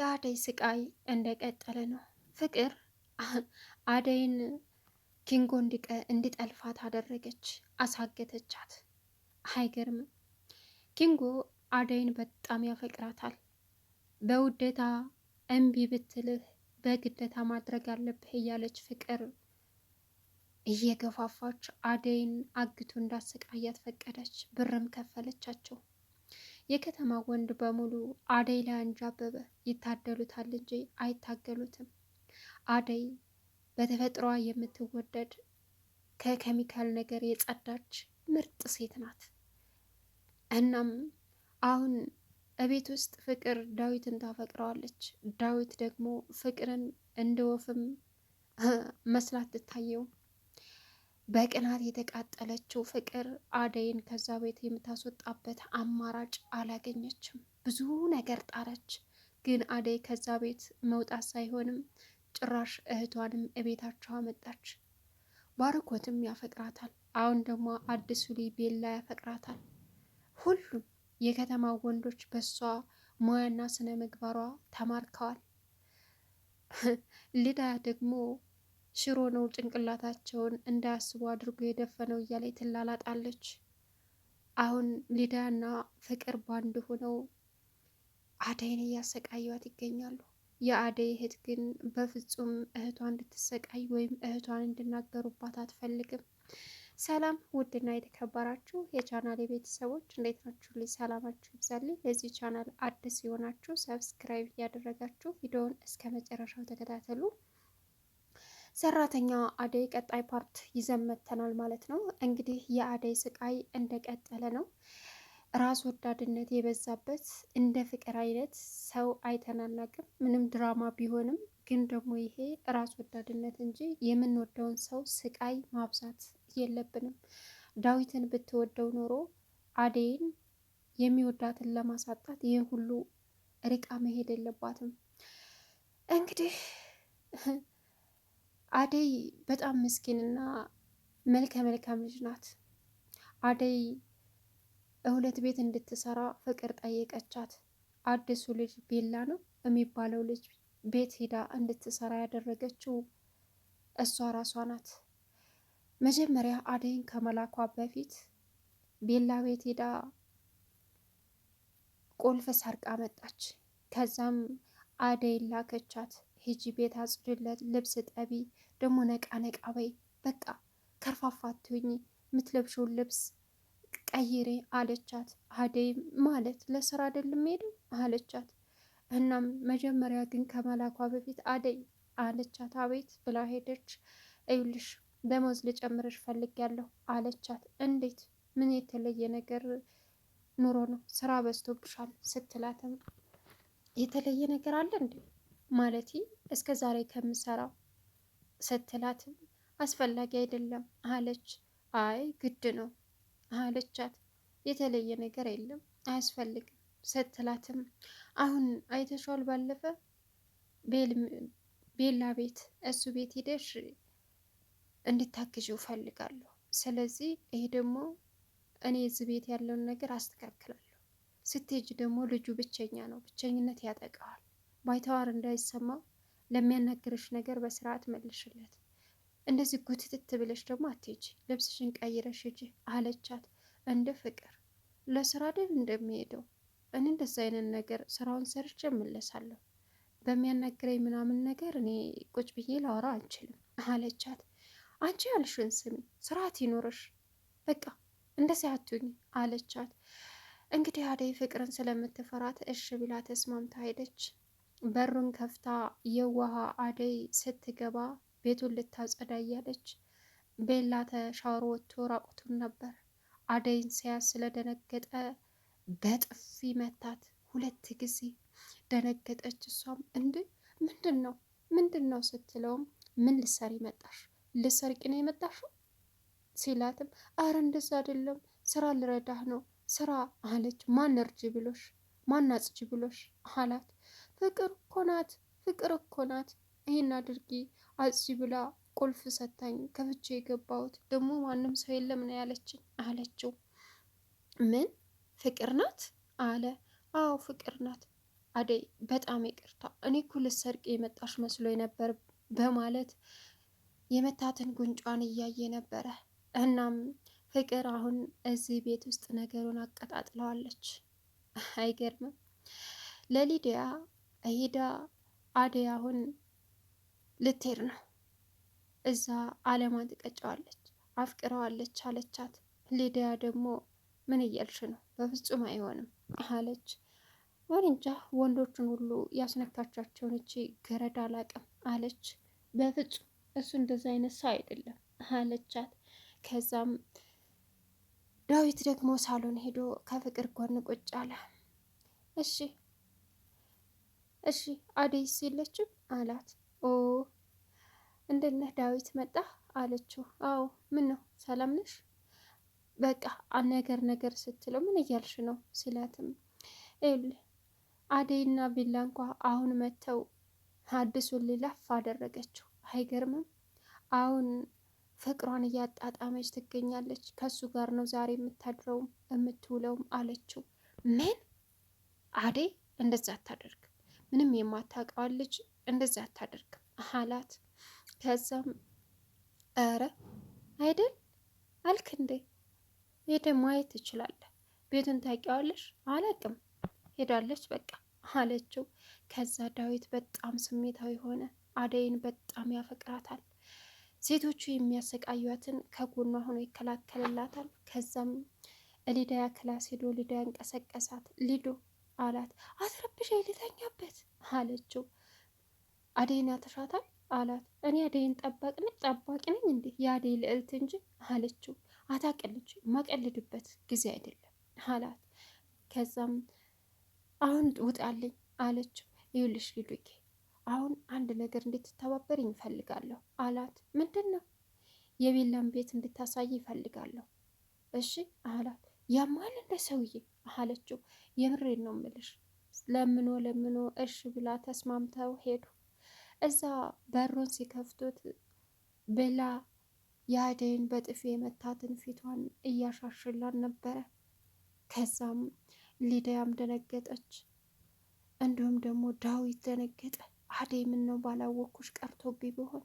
የአደይ ስቃይ እንደቀጠለ ነው። ፍቅር አደይን ኪንጎ እንዲጠልፋት አደረገች፣ አሳገተቻት። አይገርም! ኪንጎ አደይን በጣም ያፈቅራታል። በውዴታ እምቢ ብትልህ በግዴታ ማድረግ አለብህ እያለች ፍቅር እየገፋፋች አደይን አግቶ እንዳሰቃያት ፈቀደች። ብርም ከፈለቻቸው። የከተማ ወንድ በሙሉ አደይ ላይ አንጃበበ። አበበ ይታደሉታል እንጂ አይታገሉትም። አደይ በተፈጥሯ የምትወደድ ከኬሚካል ነገር የጸዳች ምርጥ ሴት ናት። እናም አሁን እቤት ውስጥ ፍቅር ዳዊትን ታፈቅረዋለች። ዳዊት ደግሞ ፍቅርን እንደ ወፍም መስላት ትታየውም በቅናት የተቃጠለችው ፍቅር አደይን ከዛ ቤት የምታስወጣበት አማራጭ አላገኘችም። ብዙ ነገር ጣረች፣ ግን አደይ ከዛ ቤት መውጣት ሳይሆንም ጭራሽ እህቷንም እቤታቸው አመጣች። ባርኮትም ያፈቅራታል። አሁን ደግሞ አዲሱ ሊ ቤላ ያፈቅራታል። ሁሉም የከተማ ወንዶች በሷ ሙያና ስነ ምግባሯ ተማርከዋል። ልዳ ደግሞ ሽሮ ነው ጭንቅላታቸውን እንዳያስቡ አድርጎ የደፈነው እያለ ትላላጣለች። አሁን ሊዳና ፍቅር ባንድ ሆነው አደይን እያሰቃዩት ይገኛሉ። የአደይ እህት ግን በፍጹም እህቷ እንድትሰቃይ ወይም እህቷን እንድናገሩባት አትፈልግም። ሰላም ውድና የተከበራችሁ የቻናል የቤተሰቦች እንዴት ናችሁ? ልጅ ሰላማችሁ ይብዛልኝ። ለዚህ ቻናል አዲስ የሆናችሁ ሰብስክራይብ እያደረጋችሁ ቪዲዮውን እስከ መጨረሻው ተከታተሉ። ሰራተኛ አደይ ቀጣይ ፓርት ይዘመተናል ማለት ነው። እንግዲህ የአደይ ስቃይ እንደቀጠለ ነው። ራስ ወዳድነት የበዛበት እንደ ፍቅር አይነት ሰው አይተናናቅም። ምንም ድራማ ቢሆንም ግን ደግሞ ይሄ ራስ ወዳድነት እንጂ የምንወደውን ሰው ስቃይ ማብዛት የለብንም። ዳዊትን ብትወደው ኖሮ አደይን የሚወዳትን ለማሳጣት ይህ ሁሉ ርቃ መሄድ የለባትም። እንግዲህ አደይ በጣም ምስኪንና መልከ መልካም ልጅ ናት። አደይ እሁለት ቤት እንድትሰራ ፍቅር ጠየቀቻት። አዲሱ ልጅ ቤላ ነው የሚባለው ልጅ ቤት ሂዳ እንድትሰራ ያደረገችው እሷ ራሷ ናት። መጀመሪያ አደይን ከመላኳ በፊት ቤላ ቤት ሂዳ ቁልፍ ሰርቃ መጣች። ከዛም አደይን ላከቻት። ሂጂ ቤት አጽድለት፣ ልብስ ጠቢ፣ ደግሞ ነቃ ነቃ በይ፣ በቃ ከርፋፋትኝ አትሁኝ፣ የምትለብሽውን ልብስ ቀይሬ አለቻት። አደይ ማለት ለስራ አይደለም ሄደው አለቻት። እናም መጀመሪያ ግን ከመላኳ በፊት አደይ አለቻት። አቤት ብላ ሄደች። እዩልሽ ደሞዝ ልጨምርሽ ፈልጊያለሁ አለቻት። እንዴት ምን የተለየ ነገር ኑሮ ነው ስራ በዝቶብሻል ስትላትም የተለየ ነገር አለ እንዴ ማለቴ እስከ ዛሬ ከምሰራው ስትላትም አስፈላጊ አይደለም አለች። አይ ግድ ነው አለቻት። የተለየ ነገር የለም አያስፈልግም ስትላትም አሁን አይተሸዋል ባለፈ ቤላ ቤት እሱ ቤት ሂደሽ እንድታግዥው እፈልጋለሁ። ስለዚህ ይሄ ደግሞ እኔ እዚህ ቤት ያለውን ነገር አስተካክላለሁ። ስትጅ ደግሞ ልጁ ብቸኛ ነው፣ ብቸኝነት ያጠቃዋል። ማይተዋር እንዳይሰማው ለሚያናግርሽ ነገር በስርዓት መልሽለት። እንደዚህ ጉትትት ብለሽ ደግሞ አትሄጂ፣ ልብስሽን ቀይረሽ ሂጂ አለቻት። እንደ ፍቅር ለስራ ደን እንደሚሄደው እኔ እንደዚ አይነት ነገር ስራውን ሰርቼ እመለሳለሁ። በሚያናግረኝ ምናምን ነገር እኔ ቁጭ ብዬ ላወራ አልችልም አለቻት። አንቺ ያልሽን ስሚ፣ ስርዓት ይኖርሽ፣ በቃ እንደዚህ አትሁኝ አለቻት። እንግዲህ አደይ ፍቅርን ስለምትፈራት እሽ ብላ ተስማምታ ሄደች። በሩን ከፍታ የዋሃ አደይ ስትገባ ቤቱን ልታጸዳ እያለች ቤላ ተሻወር ወጥቶ ራቁቱን ነበር። አደይን ሲያዝ ስለደነገጠ በጥፊ መታት ሁለት ጊዜ። ደነገጠች። እሷም እንድ ምንድን ነው ምንድን ነው ስትለውም ምን ልሰሪ መጣሽ? ልሰርቂ ነው የመጣሽው ሲላትም አረ እንደዛ አይደለም ስራ ልረዳህ ነው ስራ አለች። ማን እርጅ ብሎሽ ማናጽጅ ብሎሽ አላት። ፍቅር እኮ ናት፣ ፍቅር እኮ ናት፣ ይሄን አድርጊ አጽ ብላ ቁልፍ ሰታኝ ከፍቼ የገባሁት ደግሞ ማንም ሰው የለም ነው ያለችኝ አለችው። ምን ፍቅር ናት አለ። አዎ ፍቅር ናት አደይ፣ በጣም ይቅርታ እኔ እኮ ልትሰርቅ የመጣሽ መስሎ ነበር በማለት የመታትን ጉንጯን እያየ ነበረ። እናም ፍቅር አሁን እዚህ ቤት ውስጥ ነገሩን አቀጣጥለዋለች። አይገርምም ለሊዲያ ሂዳ አደይ አሁን ልትሄድ ነው። እዛ አለማ ትቀጨዋለች፣ አፍቅረዋለች አለቻት። ሊዲያ ደግሞ ምን እያልሽ ነው? በፍጹም አይሆንም አለች። ወንጃ ወንዶቹን ሁሉ ያስነካቻቸውን እቺ ገረድ አላቅም አለች። በፍጹም እሱ እንደዛ አይነት ሰው አይደለም አለቻት። ከዛም ዳዊት ደግሞ ሳሎን ሄዶ ከፍቅር ጎን ቁጭ አለ። እሺ እሺ አደይስ የለችም አላት። ኦ እንደነህ ዳዊት መጣ አለችው። አዎ ምን ነው ሰላም ነሽ? በቃ ነገር ነገር ስትለው ምን እያልሽ ነው ሲላትም አደይና ቢላ እንኳ አሁን መጥተው አዲሱን ሊላፍ አደረገችው። አይገርምም? አሁን ፍቅሯን እያጣጣመች ትገኛለች። ከሱ ጋር ነው ዛሬ የምታድረውም የምትውለውም አለችው። ምን አደይ እንደዛ አታደርግ ምንም የማታውቀዋን ልጅ እንደዚህ አታደርግም አላት። ከዛም ኧረ አይደል አልክ እንዴ? ሄደ ማየት ትችላለህ። ቤቱን ታውቂዋለሽ? አላቅም ሄዳለች በቃ አለችው። ከዛ ዳዊት በጣም ስሜታዊ ሆነ። አደይን በጣም ያፈቅራታል። ሴቶቹ የሚያሰቃዩትን ከጎኗ ሆኖ ይከላከልላታል። ከዛም ሊዳያ ክላስ ሄዶ ሊዳያ እንቀሰቀሳት። ሊዶ አላት። አትረብሽ ልተኛበት አለችው። አደይን ያተሻታል አላት። እኔ አደይን ጠባቂ ጠባቂ ነኝ እንዴ የአደይ ልዕልት እንጂ አለችው። አታቀልጅ ማቀልድበት ጊዜ አይደለም አላት። ከዛም አሁን ውጣልኝ አለችው። ይኸውልሽ ሊዱኬ አሁን አንድ ነገር እንድትተባበርኝ ይፈልጋለሁ አላት። ምንድን ነው? የቤላን ቤት እንድታሳይ ይፈልጋለሁ። እሺ አላት። ያማል እንደ ሰውዬ አለችው። የምሬን ነው ምልሽ። ለምኖ ለምኖ እሽ ብላ ተስማምተው ሄዱ። እዛ በሩን ሲከፍቱት ብላ የአደይን በጥፊ የመታትን ፊቷን እያሻሽላን ነበረ። ከዛም ሊዲያም ደነገጠች፣ እንዲሁም ደግሞ ዳዊት ደነገጠ። አደይ ምን ነው ባላወቅኩሽ ቀርቶብኝ ቢሆን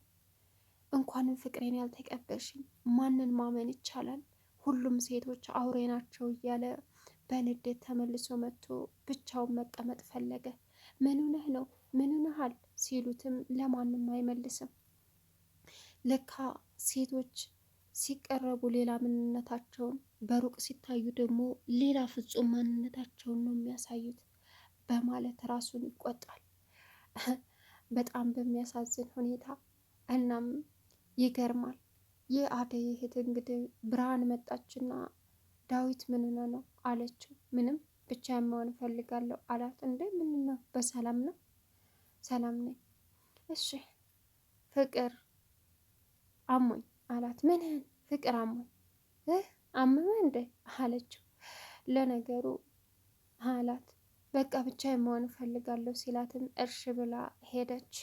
እንኳንም ፍቅሬን ያልተቀበልሽኝ ማንን ማመን ይቻላል? ሁሉም ሴቶች አውሬ ናቸው እያለ በንዴት ተመልሶ መጥቶ ብቻውን መቀመጥ ፈለገ። ምንነህ ነው ምንነሃል ሲሉትም ለማንም አይመልስም። ለካ ሴቶች ሲቀረቡ ሌላ ምንነታቸውን፣ በሩቅ ሲታዩ ደግሞ ሌላ ፍጹም ማንነታቸውን ነው የሚያሳዩት በማለት ራሱን ይቆጣል በጣም በሚያሳዝን ሁኔታ። እናም ይገርማል። የአደይ እህት እንግዲህ ብርሃን መጣችና ዳዊት ምንና ነው አለችው። ምንም ብቻ መሆን እፈልጋለሁ አላት። ምን ነው በሰላም ነው? ሰላም ነኝ። እሺ ፍቅር አሞኝ አላት። ምንህን? ፍቅር አሞኝ። እህ አመመ እንዴ አለችው። ለነገሩ አላት። በቃ ብቻ የማሆን እፈልጋለሁ ሲላትም እርሽ ብላ ሄደች።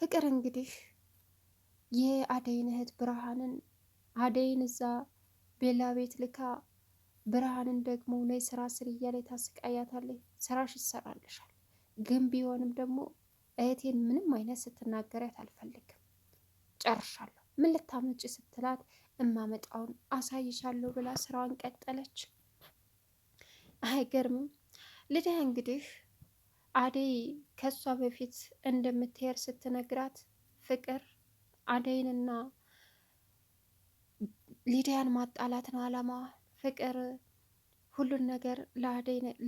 ፍቅር እንግዲህ የአደይን እህት ብርሃንን አደይን እዛ ቤላ ቤት ልካ ብርሃንን ደግሞ ነይ ስራ ስር እያለ ታስቃያታለች። ስራሽ ይሰራልሻል፣ ግን ቢሆንም ደግሞ እህቴን ምንም አይነት ስትናገሪያት አልፈልግም፣ ጨርሻለሁ። ምን ልታመጭ ስትላት እማመጣውን አሳይሻለሁ ብላ ስራዋን ቀጠለች። አይገርምም? ልድያ እንግዲህ አደይ ከእሷ በፊት እንደምትሄድ ስትነግራት ፍቅር አደይንና ሊዲያን ማጣላት ነው አላማ ፍቅር ሁሉን ነገር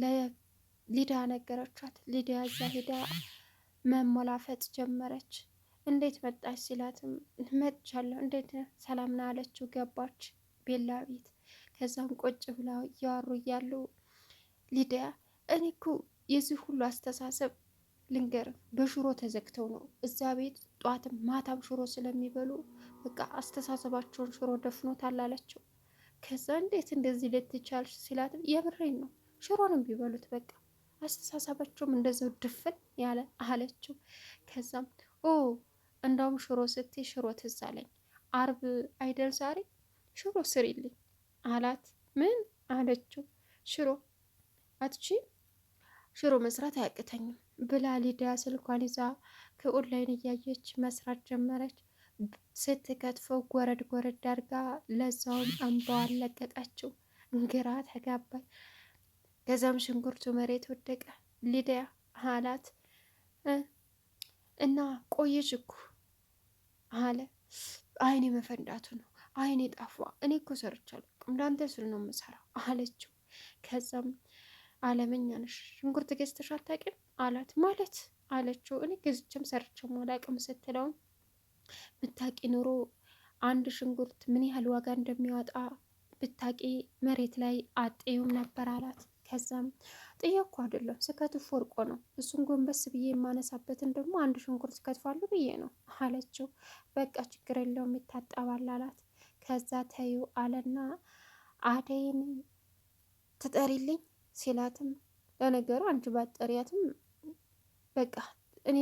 ለሊዳ ነገረቻት። ሊዲያ እዛ ሂዳ መሞላፈጥ ጀመረች። እንዴት መጣች ሲላትም መጥቻለሁ፣ እንዴት ሰላም ና አለችው። ገባች ቤላ ቤት። ከዛም ቁጭ ብላ እያወሩ እያሉ ሊዲያ እኔ እኮ የዚህ ሁሉ አስተሳሰብ ልንገር በሽሮ ተዘግተው ነው እዛ ቤት ጧትም ማታም ሽሮ ስለሚበሉ በቃ አስተሳሰባቸውን ሽሮ ደፍኖታል አላቸው። ከዛ እንዴት እንደዚህ ልትቻልሽ ሲላት የምሬን ነው ሽሮ ነው የሚበሉት በቃ አስተሳሰባቸውም እንደዚው ድፍን ያለ አለችው። ከዛም ኦ እንዳውም ሽሮ ስቴ ሽሮ ትዝ አለኝ አርብ አይደል ዛሬ ሽሮ ስሪልኝ አላት። ምን አለችው? ሽሮ አትቺ ሽሮ መስራት አያቅተኝም ብላ ሊዳ ስልኳን ይዛ ከኦንላይን እያየች መስራት ጀመረች። ስትከትፈው ጎረድ ጎረድ አርጋ ለዛውም አንባዋን ለቀቀችው። ግራ ተጋባኝ። ከዛም ሽንኩርቱ መሬት ወደቀ። ሊዳ አላት እና ቆየች እኮ አለ። አይኔ መፈንዳቱ ነው አይኔ ጣፏ። እኔ እኮ ሰርቻለሁ እንዳንተ ስል ነው የምሰራው አለችው። ከዛም አለመኛ ነሽ ሽንኩርት ገዝተሽ አታውቂም? አላት። ማለት አለችው። እኔ ገዝቼም ሰርቼም አላቅም ስትለውም ብታቂ ኑሮ አንድ ሽንኩርት ምን ያህል ዋጋ እንደሚያወጣ ብታቂ መሬት ላይ አጤውም ነበር አላት። ከዛም ጥዬ እኮ አይደለም ስከትፍ ወርቆ ነው እሱን ጎንበስ ብዬ የማነሳበትን ደግሞ አንድ ሽንኩርት ከትፋሉ ብዬ ነው አለችው። በቃ ችግር የለውም ይታጠባል አላት። ከዛ ተዩ አለና አደይን ትጠሪልኝ ሲላትም ለነገሩ አንቺ ባጠሪያትም በቃ እኔ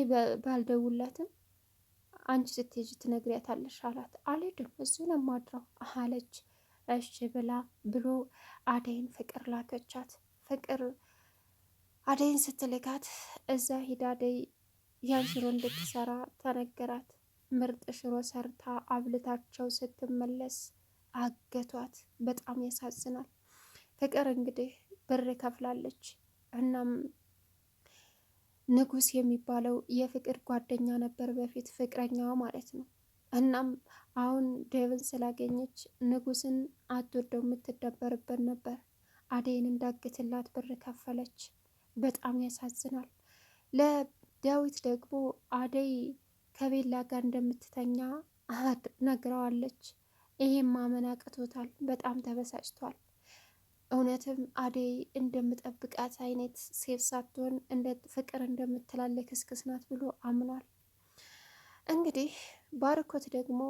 ባልደውላትም አንቺ ስትሄጂ ትነግሪያታለሽ አላት። አልሄድም እዚሁ ነው የማድረው አለች። እሺ ብላ ብሎ አደይን ፍቅር ላከቻት። ፍቅር አደይን ስትልካት እዛ ሂዳ አደይ ያን ሽሮ እንድትሰራ ተነገራት። ምርጥ ሽሮ ሰርታ አብልታቸው ስትመለስ አገቷት። በጣም ያሳዝናል። ፍቅር እንግዲህ ብር ከፍላለች። እናም ንጉስ የሚባለው የፍቅር ጓደኛ ነበር በፊት ፍቅረኛዋ ማለት ነው። እናም አሁን ዴቭን ስላገኘች ንጉስን አትወደው የምትደበርበት ነበር። አደይን እንዳግትላት ብር ከፈለች። በጣም ያሳዝናል። ለዳዊት ደግሞ አደይ ከቤላ ጋር እንደምትተኛ ነግረዋለች። ይሄም ማመን አቅቶታል። በጣም ተበሳጭቷል። እውነትም አደይ እንደምጠብቃት አይነት ሴት ሳትሆን እንደ ፍቅር እንደምትላለ ክስክስ ናት ብሎ አምኗል። እንግዲህ ባርኮት ደግሞ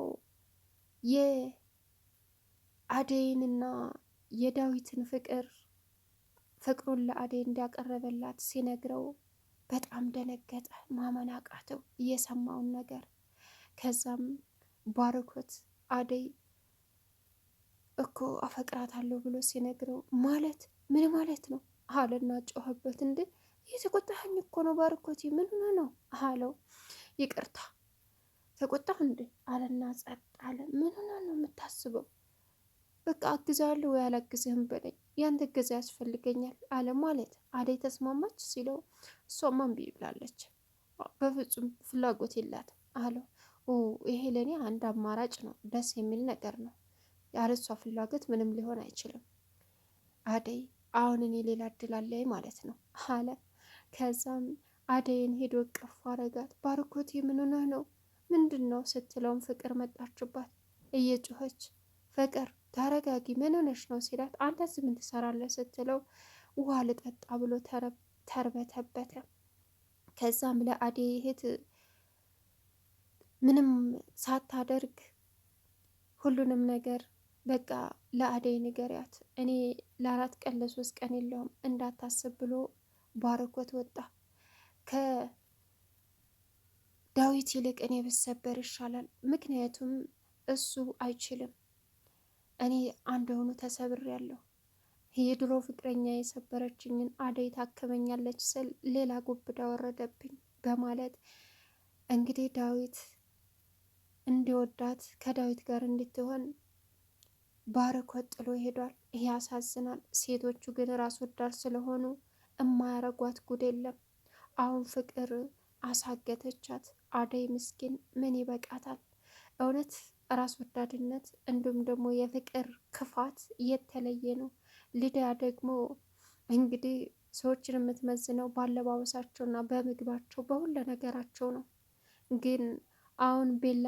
የአደይንና የዳዊትን ፍቅር ፍቅሩን ለአደይ እንዳቀረበላት ሲነግረው በጣም ደነገጠ። ማመን አቃተው የሰማውን ነገር። ከዛም ባርኮት አደይ እኮ አፈቅራታለሁ ብሎ ሲነግረው ማለት ምን ማለት ነው አለና ጮኸበት። እንደ የተቆጣኸኝ እኮ ነው ባርኮቴ፣ ምን ሆነ ነው አለው። ይቅርታ ተቆጣሁ እንደ አለና ጸጥ አለ። ምን ሆነ ነው የምታስበው? በቃ አግዛለሁ ወይ አላግዝህም በለኝ፣ ያንተ እገዛ ያስፈልገኛል አለ። ማለት አደይ ተስማማች ሲለው እሷማ እምቢ ብላለች፣ በፍጹም ፍላጎት የላትም አለው። ይሄ ለእኔ አንድ አማራጭ ነው፣ ደስ የሚል ነገር ነው ያለሷ ፍላጎት ምንም ሊሆን አይችልም። አደይ አሁን እኔ ሌላ እድል አለኝ ማለት ነው አለ። ከዛም አደይን ሄዶ ቀፍ አረጋት። ባርኮቴ ምን ሆነህ ነው? ምንድን ነው ስትለውም ፍቅር መጣችባት እየጮኸች። ፍቅር ተረጋጊ፣ ምን ሆነሽ ነው ሲላት፣ አንተ እዚህ ምን ትሰራለህ ስትለው ውሃ ልጠጣ ብሎ ተርበተበተ። ከዛም ለአደይ እህት ምንም ሳታደርግ ሁሉንም ነገር በቃ ለአደይ ንገሪያት፣ እኔ ለአራት ቀን ለሶስት ቀን የለውም እንዳታስብ ብሎ ባርኮት ወጣ። ከዳዊት ይልቅ እኔ ብሰበር ይሻላል። ምክንያቱም እሱ አይችልም። እኔ አንድ ሆኑ ተሰብር ያለሁ የድሮ ፍቅረኛ የሰበረችኝን አደይ ታከመኛለች ስል ሌላ ጉብዳ ወረደብኝ በማለት እንግዲህ ዳዊት እንዲወዳት ከዳዊት ጋር እንድትሆን ባርኮት ጥሎ ሄዷል። ይህ ያሳዝናል። ሴቶቹ ግን ራስ ወዳድ ስለሆኑ እማያረጓት ጉድ የለም። አሁን ፍቅር አሳገተቻት። አደይ ምስኪን ምን ይበቃታል? እውነት ራስ ወዳድነት እንዲሁም ደግሞ የፍቅር ክፋት የተለየ ነው። ልዳ ደግሞ እንግዲህ ሰዎችን የምትመዝነው በአለባበሳቸውና በምግባቸው በሁለ ነገራቸው ነው። ግን አሁን ቤላ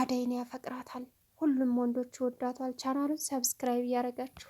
አደይን ያፈቅራታል። ሁሉም ወንዶች ይወዳቷል። ቻናሉን ሰብስክራይብ እያደረጋችሁ